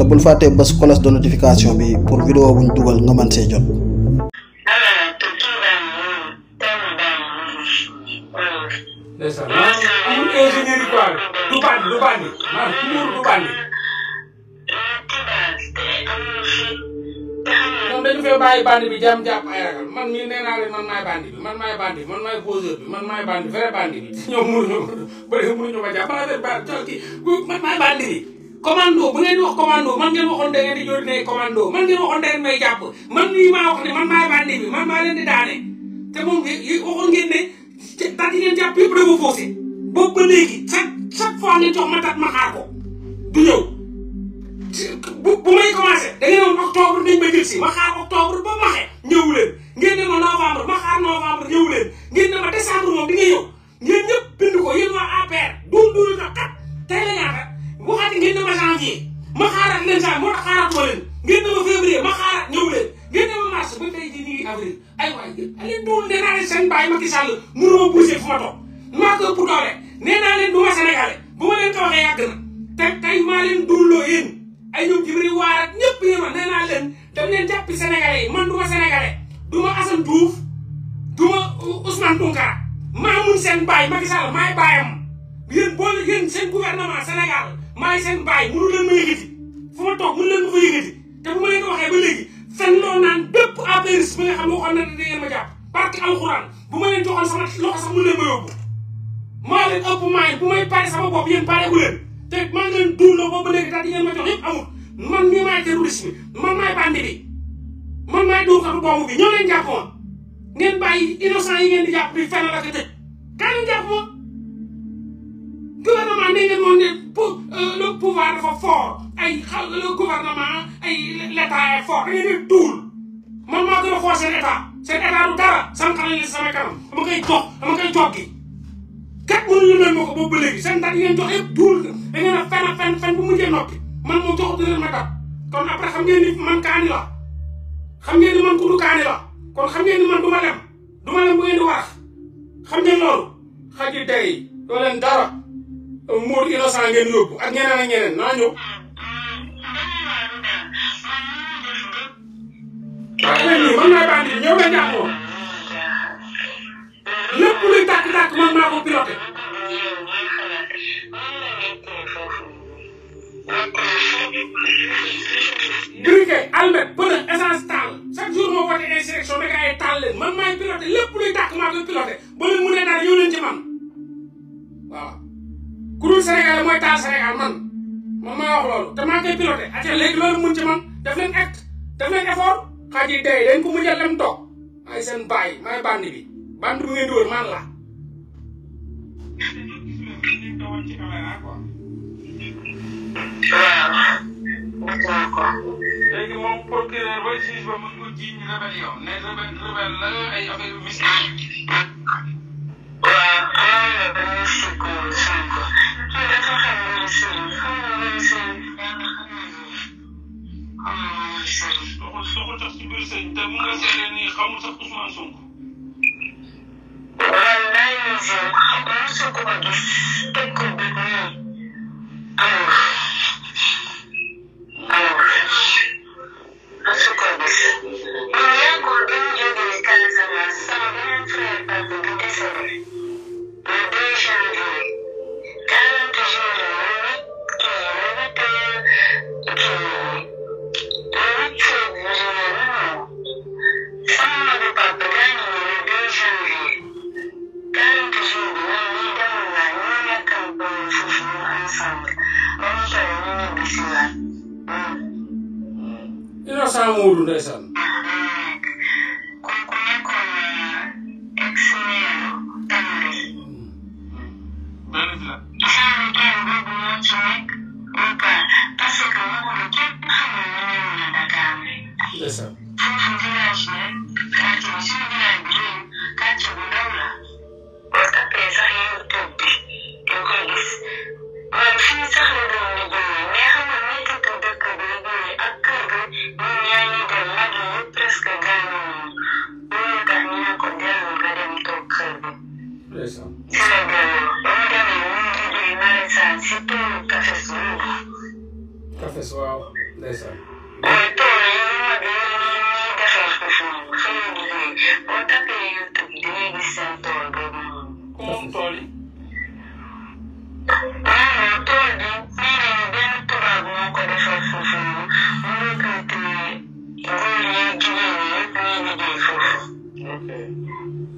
te bul fàttee bés cloche de notification bi pour vidéo buñ dugal nga mën see jot. ndeysaan man ingénieur yi quoi du bandi du bandi man muur du bandi. moom dañu fee bàyyi bandi bi jàmm jàpp ay ragal man mii nee naa leen man maay bandi bi man maay bandi bi man maay poseur bi man maay bandi vrai bandi bi. ñoom mënuñu ba léegi mënuñu ma jàpp man maay bandi bi. commando bu ngeen wax commando man ngeen waxon da ngeen di jor ne commando man ngeen waxon da ngeen may japp man mii ma wax ne man may bandi bi man ma leen di daane te moom waxon ngeen ne da di ngeen japp jàpp da dafa fossé boobu ba léegi chaque chaque fois ngeen jox ma tat ma xaar ko du ñew bu bu may commencé da ngeen won octobre nañ ma jël si ma xaar octobre ba waxe ñëw leen ngeen ne ma novembre ma xaar novembre ñëw ngeen ne ma décembre moom di ngeen ñëw ma xaaraat leen saa moo tax xaaraatuma leen ngeen dama février ma xaaraat ñëw leen ngeen dama mars ba tey jii ñu ngi avril ay waay leen doon nee naa leen seen bàyyi Macky Sall mënuma bougé fu ma toog maa ko ëpp doole nee naa leen du bu ma leen ko waxee yàgg na te tey maa leen dulloo yéen ay ñoom Jibril Waar ak ñëpp yéen a nee naa leen dem leen du ma sénégalais du du ma euh, Ousmane Tounkara maa mun seen bàyyi Macky Sall maay bàyyam yéen boole yéen seen gouvernement Sénégal maay seen fu ma toog may te maa ngi man mii maay bi man maay bandi bi man maay bi ñoo leen jàppoon ngeen bàyyi innocent yi ngeen di jàpp bi fen la ko tëj ngeen moom ne euh, le pouvoir dafa fort ay le gouvernement ay l'état est fort da ngeen di tuul man maa gën a xool seen état seen état du dara sànqal nañ sama kanam dama koy jox dama koy joggi kat mënuñu leen ma ko boobu ba léegi seen dat yi ngeen jox yëpp duul da ngeen a fen a fen fen bu mujjee noppi man moo joxut leen ma dat kon après xam ngeen ni man kaani la xam ngeen ni man ku du kaani la kon xam ngeen ni man du ma lem du ma lem bu ngeen di wax xam ngeen loolu xaji day doo leen dara muur innocent ngeen yóbbu ak ñeneen ak ñeneen naa ñëw waaw man mii man maay bandi ñëw nga jàppoo lépp luy tàkk-tàkk man maa ko piloté. griquet almet pënë essence taal chaque jour moo voté insurrection da ay taal leen man maay piloté lépp luy tàkk maa koy piloté ba leen mu ne daal ñëw leen ci man waaw. ku dul mooy taal Sénégal man man maa wax te maa koy piloté. ati léegi loolu mun man daf leen acte daf leen effort. xaj yi tey dañ ko mujjee lem toog ay seen baay maay band bi band bu ngeen di la. soo ko tax ci biir sëñ te mu nga seede ni xamul sax Ousmane Sonko. wallaay xam naa su ko gis dina saa Moodu ndeysaan ndeysaan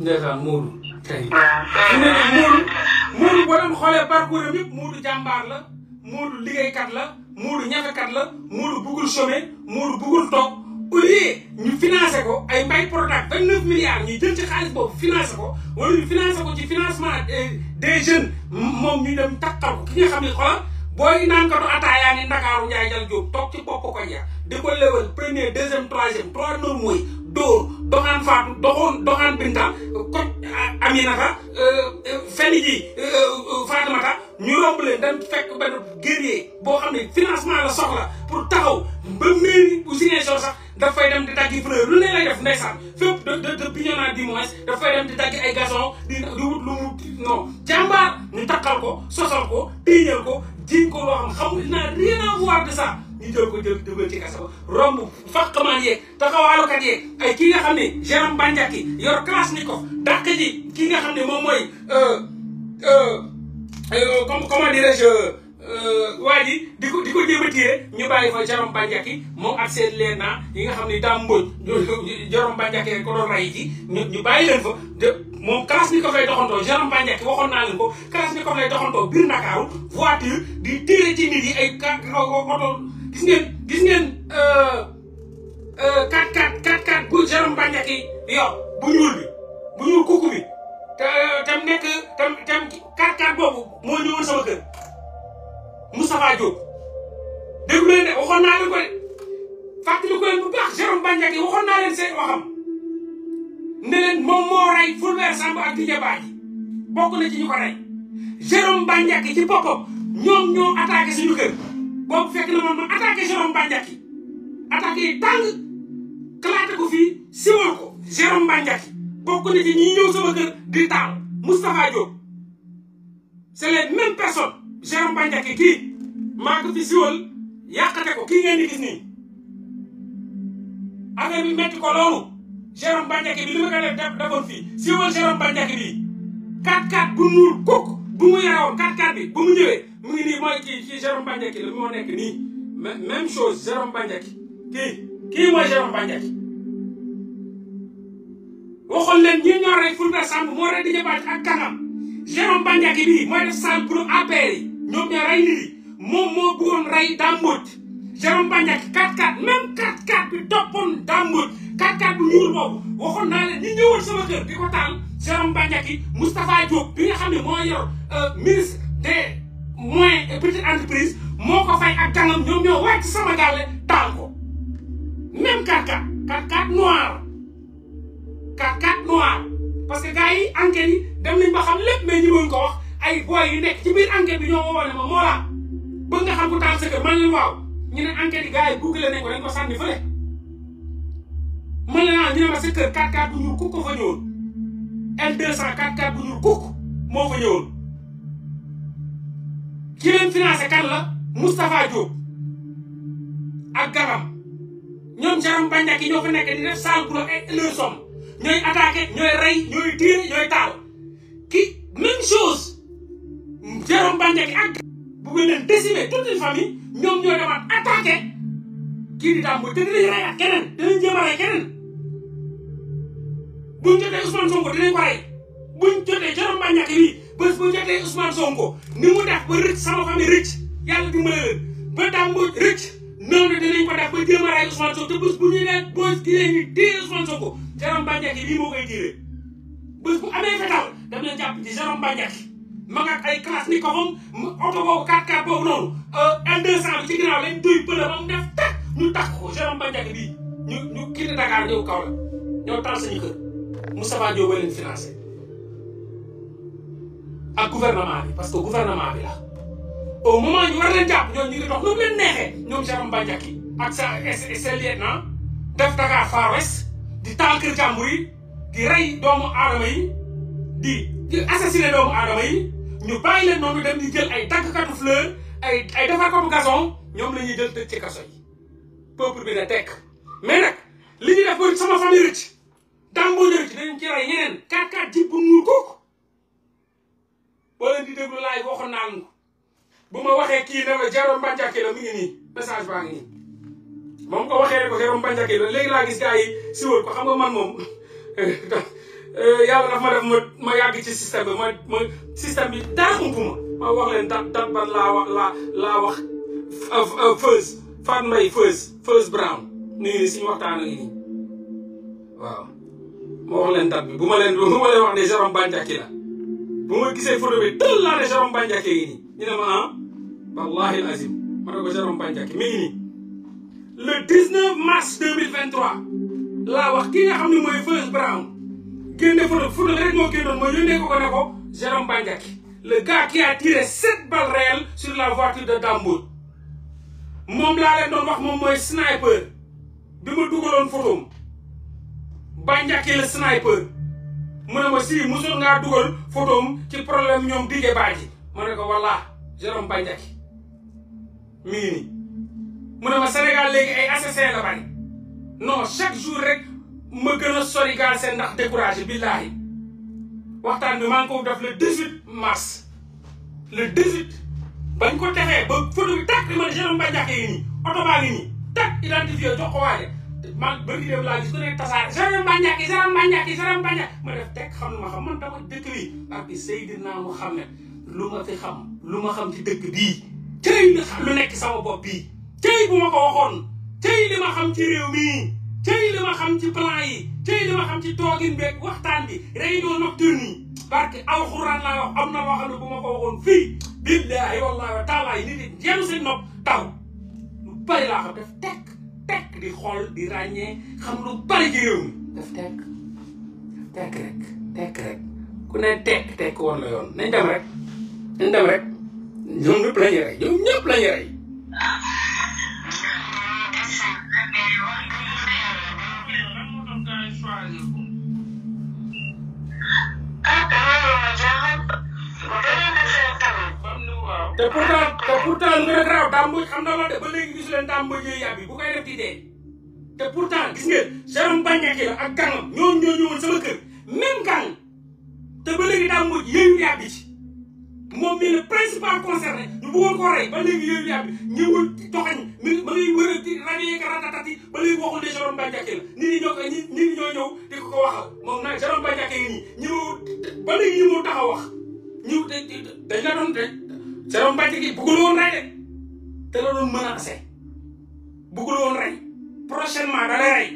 ndeysaan Mourou kay mu ne Mourou Mourou boo doon xoolee parcours am yëpp Mourou jàmbaar la Mourou liggéeykat la Modou ñafekat la Modou bëggul chômer Modou bëggul toog au lieu ñu ko ay mbay Prodac vingt neuf milliards ñuy jël ci xaalis boobu financé ko wala ñu financé ko ci financement euh, des jeunes moom ñu dem takkal ko ki nga xam ne xoolal booy naankatu ataayaa ni Ndakaaru Ndiaye Jal Diop toog ci bopp ko ja di ko lewal premier deuxième troisième trois noonu mooy dóor doxaan faatu doxoon doxaan binta ko Aminata euh, euh, fenn ji Faatumata ñu romb leen dem fekk benn guerrier boo xam ne financement la soxla pour taxaw ba mairie bu Ziguinchor sax daf dem di daggi fleur lu ne lay def ndeysaan fépp de de de Bignona du moins daf fay dem di daggi ay gazon di di wut lu mu non jàmbaar ñu takkal ko sosal ko téeñal ko jiñ ko loo xam xamul naa rien à voir de ça ñu jël ko jël dugal ci kasa ba romb fàqamaan yeeg taxawaalukat yeeg ay ki nga xam ne Jérôme Bandiaky yor classe ni ko dàq ji ki nga xam ne moom mooy euh, euh, Euh, comme comment dirais-je euh, euh, waa di ko di ko jéem a téye ñu bàyyi fa Jorom Bandiaki moom ak seen yi nga xam ni Dame Mbodj Jorom Bandiaki ko doon rey ji ñu ñu bàyyi leen fa moom classe bi ko fay doxantoo Jorom Bandiaki waxoon naa leen ko classe bi ko fay doxantoo biir Ndakaaru voiture di téere ci nit yi ay ka oto gis ngeen gis ngeen 4 yo bu ñuul bi bu ñuul kukku bi tam nekk tam tam kàrkaar boobu moo ñëwoon sama kër Moustapha Diop déglu leen de waxoon naa ko de fàttali ko leen bu baax Jérôme Bandiaky waxoon naa leen waxam ne moom moo rey Fulbert Sambou ak Didier Badji bokk na ci ko rey Jérôme Bandiaky ci boppam ñoom ñoo attaqué suñu kër boobu fekk na moom ma attaqué Jérôme Bandiaky attaqué yi tàng claté ko fii ko Jérôme Bandiaky bokk na ci ñi ñëw sama kër di taal Moustapha Diop c'est les mêmes personnes Jérôme Bandiaky kii maa ko fi siwal yàqate ko kii ngeen di gis nii affaire bi metti ko loolu Jérôme bi li ma ko def def defoon fii siwal Jérôme Bandiaky bii 4-4 kukk bu mu yarewoon 4-4 bi bu mu ñëwee mu ngi nii mooy kii kii Jérôme Bandiaky la moo nekk nii même chose Jérôme Bandiaky kii kii mooy waxoon leen ñi ñoo rey Fulbert Sambou moo rey Didier Badji ak kanam Jérôme Bandiaky bii mooy def sale boulot APR yi ñoom ñoo rey lii moom moo bëggoon rey Dambot Jérôme Bandiaky 4-4 même 4-4 bi bu ñuul boobu waxoon naa leen ñi ñëwoon sama kër di ko taal Jérôme Bandiaky Moustapha Diop bi moo yor euh, ministre des moyens et petites entreprises moo ko fay ak kanam ñoom ñoo sama gàlle taal ko même 4-4 4-4 ka 4 noirs parce que gars yi enquête yi dem nañ ba xam lépp mais ñi mën ko wax ay boy yu nekk ci biir enquête bi ñoo ma ma moo laa bëgg nga xam ku taal sa kër man leen waaw ñu ne enquête gars yi google nañ ko dañ ko sànni fële man la ñu ne ma sa kër 4-4 bu ñuul kukk fa ñëwoon L200 4-4 bu ñuul kukk moo fa ñëwoon ki leen kan la Diop ak Garam Jaram di def somme ñoy attaqué ñoy ray ñoy tiire ñoy taw ki même chose Jérôme bandé ak ag bu ngeen leen décimer toute une famille ñom ñoy dama attaqué ki di daam mooy te dinañ rey ak kenen dinañ jéem a kenen keneen buñ jotté Ousmane Sonko dinañ ko rey buñ jotté Jérôme Bandiaky bi bés bu jotté Ousmane Sonko ni mu def ba rëcc sama famille rëcc yalla di ma ba daam mooy rëcc noonu dinañ ko def ba jéem a Ousmane Sonko te bu ñu né bés ki leen ñuy téye Ousmane Sonko Jérôme Bandiaky lii moo koy tiire bu amee fetal daf leen jàpp ci ay classe ni ko moom oto boobu 4x4 boobu noonu euh, l ci ginnaaw lañ doy bële ba mu ñu takk ko Jérôme bii ñu ñu quitté Dakar kaw la ñoo taal sañu kër Moustapha Diop ba leen financé ak gouvernement bi parce que gouvernement bi la au ñu war leen jàpp ñoom ñu ngi nu mu leen neexee ñoom ak sa sa lieutenant def Dakar Far West di taal kër jàmbur yi di rey doomu aadama yi di di assassiné doomu aadama yi ñu bàyyi leen noonu dem di jël ay tàggkatu fleur ay ay defarkatu gazon ñoom la jël tëj ci kaso yi peuple bi ne tekk mais nag li ñu def ba sama famille rëcc dàmboo ñu rëcc dañu ci rey boo leen di déglu laay waxoon naa ko bu ma waxee kii ne la Jérôme Bandiaky la mi ngi nii message baa ngi nii mom ko waxee ko xeerum bàncake la léegi la gis gaay yi si ko xam nga man moom euh, yalla dafa ma def ma ma yàgg ci système bi ma ma système bi daa buma ma wax len dat dat ban laa wax la la wax euh, euh, feuse Fat may feuse feuse Brown ni ci waxtan ak ni waaw ma wax len dat buma len ma leen bu ma leen wax ne Jérôme Bandiaky la buma gisé photo bi tël la ne Jérôme Bandiaky ni nii ma ah wallahi alazim ma ne ko Jérôme Bandiaky mi ni le 19 mars 2023 laa wax ki nga xam ne mooy First Brown génne photo photo rek moo génnoon ma yónnee ko ko ne ko Jérôme Bandiaky le gars qui a tiré sept balles réelles sur la voiture de Dambour moom laa leen doon wax moom mooy sniper bi ma dugaloon photom le sniper mu ne ma sii mosoon ngaa dugal photom ci problème ñoom Didier Badji ma ne ko walla Jérôme Bandiaky mi mu ne ma Sénégal léegi ay assassin la bari non chaque jour rek ma gën a sori gaal seen ndax découragé billaahi waxtaan bi maa ngi ko def le 18 mars le 18 bañ ko defee ba photo bi tàkk man Jérôme Bandiaké yi nii oto baa ngi nii tàkk a jox ko waale man bëri dem laa gis ku nekk tasaare Jérôme Bandiaké Jérôme Bandiaké Jérôme Bandiaké ma def teg xam lu ma xam man dama dëkk lii barki Seydina Muhammad lu ma fi xam lu ma xam ci dëkk bii cëy lu nekk sama bopp bii tey bu ma ko waxoon li ma xam ci réew mi tey li ma xam ci plan yi tey li ma xam ci toogin beeg waxtaan bi réunion nocturne yi barke alxuraan laa wax na loo xam ne bu ma ko waxoon fii billaahi wallaahi wa taalaa yi nit yi yenu seen nopp taw lu bari laa xam daf tekk di xool di ràññee xam lu bari ci réew mi daf tekk tekk rek tekk rek ku ne tekk tekk woon la yoon nañ dem rek nañ dem rek ñoom ñëpp lañu rey ñoom ñëpp lañu rey te pourtant te pourtant lu gën a garaaw Dame de ba léegi gisu leen Dame Mbodj yooyu yàpp bu koy def dee te pourtant gis ngeen Jérôme Bandiaky la ak gàngam ñoom ñoo ñëwoon sama te ba léegi Dame Mbodj yooyu moom mii principal concerné ñu bëggoon koo rey ba léegi yooyu yàpp yi mi ma wër di rajo yeeg ratatati ba léegi waxul ne Jérôme Bandiaky ñi ñoo ko nit ñi moom nag Jérôme Bandiaky yi nii ñëw ba léegi ñëwul taxaw wax ñëw dañ la doon rek Sero Mbacke gi bëggul woon rey de te la doon menacé bëggul woon rey prochainement da lay rey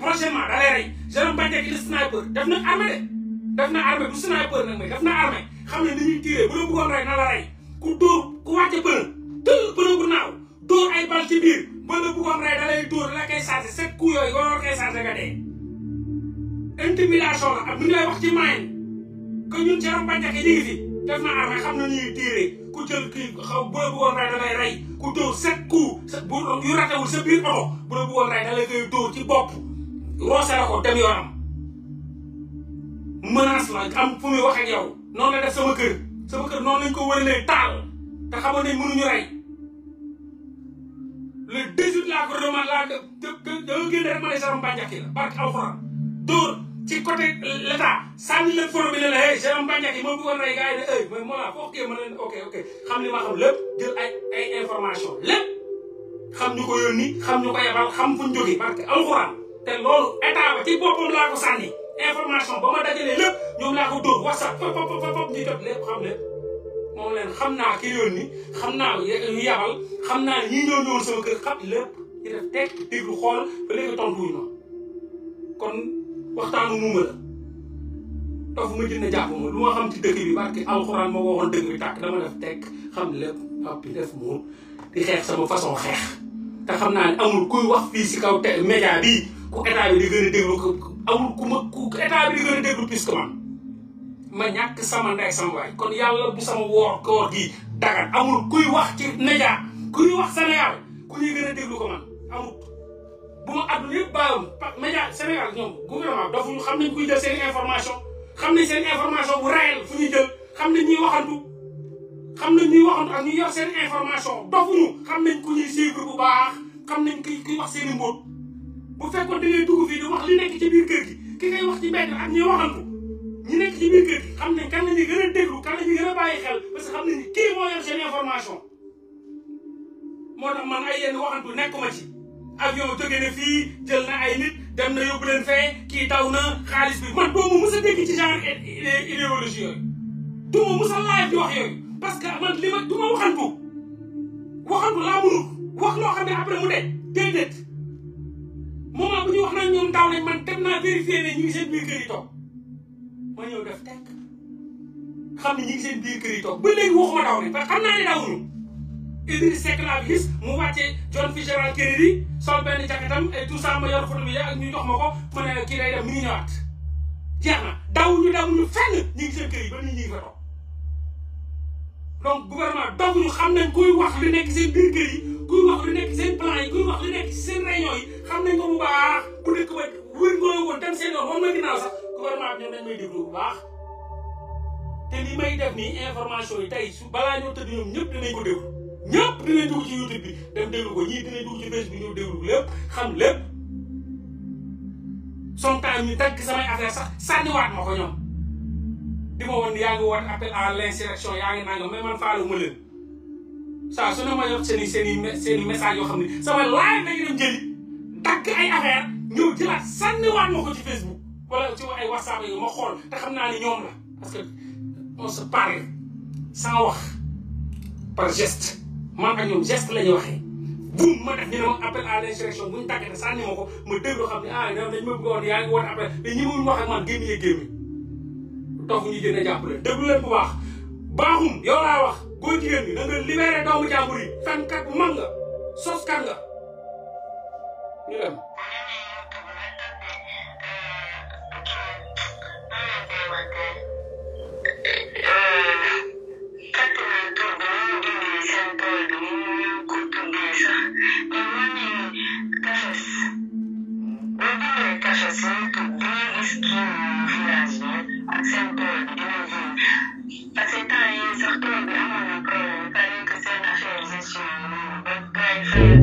prochainement da lay rey Sero Mbacke gi di sniper def na armée de def na armée du sniper nag mooy def na armée xam ne ni ñuy bu la bëggoon rey na la rey ku dóor ku wàcce bëna tël bëna bu naaw dóor ay bal ci biir ba la bëggoon rey da lay dóor la koy chargé set ku yooyu waroo koy chargé nga dee intimidation la ak nu ñu lay wax ci mayen que ñun Sero Mbacke gi ñu fi def na arrêt xam na ñuy téere ku jël kii xaw bërëbu woon rey da lay rey ku dóor sept coups sa bu yu ratewul sa biir oto bërëbu woon rey da lay koy dóor ci bopp roose la ko dem yoonam menace la am fu muy wax yow noonu la def sama kër sama kër noonu lañ ko wëralee taal te xamoon ne mënuñu rey le 18 laa ko demal laa a da da nga génn rek ma ne sama mbànjaki la barke alxuraan dóor ci coté l' état sànni leen forom bi ne la hey Jérôme Bandiaky moo bëggoon rey gars yi ne hey man Mollah foo xëyee ma leen ok ok xam li ma xam lépp jël ay information lépp xam ñu ko yónni xam ñu ko xam fu ñu jógee parce ci boppam laa ko sànni information ko dóor whatsapp fop xam naa ki yónni xam naa yu yabal xam naa ñii ñoo ñëwoon sama kër xam lépp ñu def teg déglu xool ba léegi tontu ma waxtaanu muuma la tax ma jënd jàpp ma lu ma xam ci dëkk bi barke alxuraan ma waxoon dëkk bi tàkk dama def tekk xam lépp papi def moom di xeex sama façon xeex te xam naa ne amul kuy wax fii si kaw te média bii ku état bi di gën a déglu ko amul ku ma ku état bi di gën a déglu puisque man ma ñàkk sama ndey sama waay kon yàlla bu sama woor koor gi dagan amul kuy wax ci média kuy wax Sénégal ku ñuy gën a déglu ko man amul bu ma àdduna yëpp baayoon média Sénégal ñoom gouvernement dofuñu xam nañ kuy jël seen information xam nañ seen information bu réel fu ñuy xam nañ ñuy waxantu xam nañ ñuy waxantu ak ñuy yor seen information dofuñu xam nañ ku ñuy bu baax xam nañ ki kiy wax seen i mbóot bu fekkoon da ngay dugg fii di wax li nekk ci biir kër ki ngay wax ñi nekk ci biir kër xam nañ kan la ñuy gën a déglu kan gën a bàyyi xel parce que xam nañ kii moo yor seen information moo tax man ay yenn waxantu nekkuma ci avion jóge na fii jël na ay nit dem na yóbbu fee kii taw na xaalis bi man doomu mës dégg ci genre idéologie yooyu du ma mës a laaj di wax yooyu parce que man li ma du ma waxantu waxantu laa mënul wax loo xam ne après mu de déedéet moment bu ñu wax nañ ñoom daw nañ man dem naa vérifier ne ñu ngi seen biir kër yi toog ma ñëw def tekk xam ne ñu ngi seen yi toog ba léegi waxuma daw ne parce xam naa ne Idrissa Seck laa gis mu wàcce John Fitzgerald Kennedy sol benn jaketam et tout ça ma ak ñu jox ma ko ma ne kii day dem mi fenn ñu ngi seen kër yi ba nit ngi nekk seen biir yi xam nañ ko bu baax bu dëkk ba wër ngoo woon dem seen yoon moom la ginnaaw sax gouvernement bi ñoom dañ may bu baax te li may def nii information yi tey su balaa ñoo tëdd ñoom ñëpp dinañ ko déglu ñëpp dinañ dugg ci YouTube bi dem déglu ko ñii dugg ci Facebook ñëw déglu lépp xam lépp sometimes ñu dagg samay affaire sax sànniwaat ma ko ñoom di ma woon yaa ngi woote appel à l'insurrection yaa ngi nangam mais man faale wu ma leen saa su ne ma yor seen i seen i seen i message yoo xam ne sama live dañu dem jëli dagg ay affaire ñëw jëlaat sànniwaat ma ko Facebook wala ci ay WhatsApp yi ma xool te naa ne ñoom la parce que on se wax par geste. man ak ñoom geste la buum ma def ñu ne ma appel à l' insurrection bu ñu tàggatee sànni ma ko ma déglu xam ne ah dañ ma bëgg a wax ne yaa ngi woote appel mais ñi ma wax ak man génn yee génn toog ñu gën a jàppale bu baax baaxum yow laa wax góor jigéen bi na nga doomu jàmbur yi fenkat bu mag nga sos kan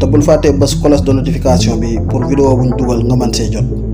te bul fàttee bés cloche de notification bi pour vidéo buñ dugal nga man see jot